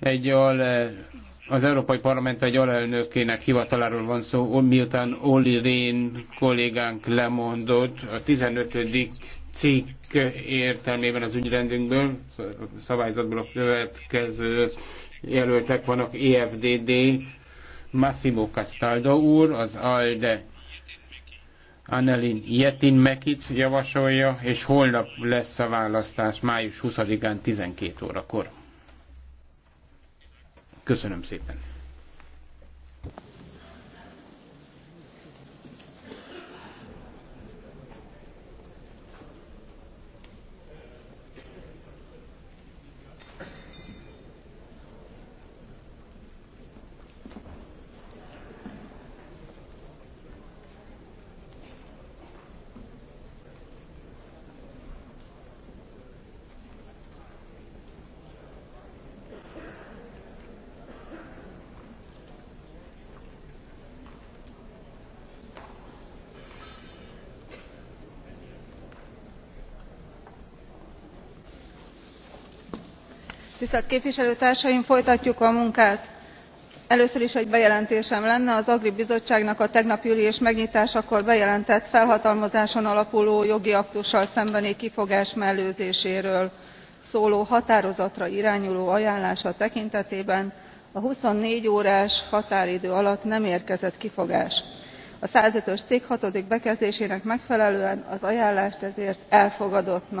Egy al, az Európai Parlament egy alelnökének hivataláról van szó, miután Olli Rén kollégánk lemondott a 15. cikk értelmében az ügyrendünkből, szabályzatból a következő jelöltek vannak EFDD, Massimo Castaldo úr, az ALDE Annelin Jetin Mekit javasolja, és holnap lesz a választás május 20-án 12 órakor. Köszönöm szépen! tisztelt képviselőtársaim folytatjuk a munkát. először is egy bejelentésem lenne az agri bizottságnak a tegnapi ülés megnyitásakor bejelentett felhatalmazáson alapuló jogi aktussal szembeni kifogás mellőzéséről szóló határozatra irányuló ajánlása tekintetében a twenty four órás határidő alatt nem érkezett kifogás. a one hundred and five ös cikk hatodik bekezdésének megfelelően az ajánlást ezért elfogadottnak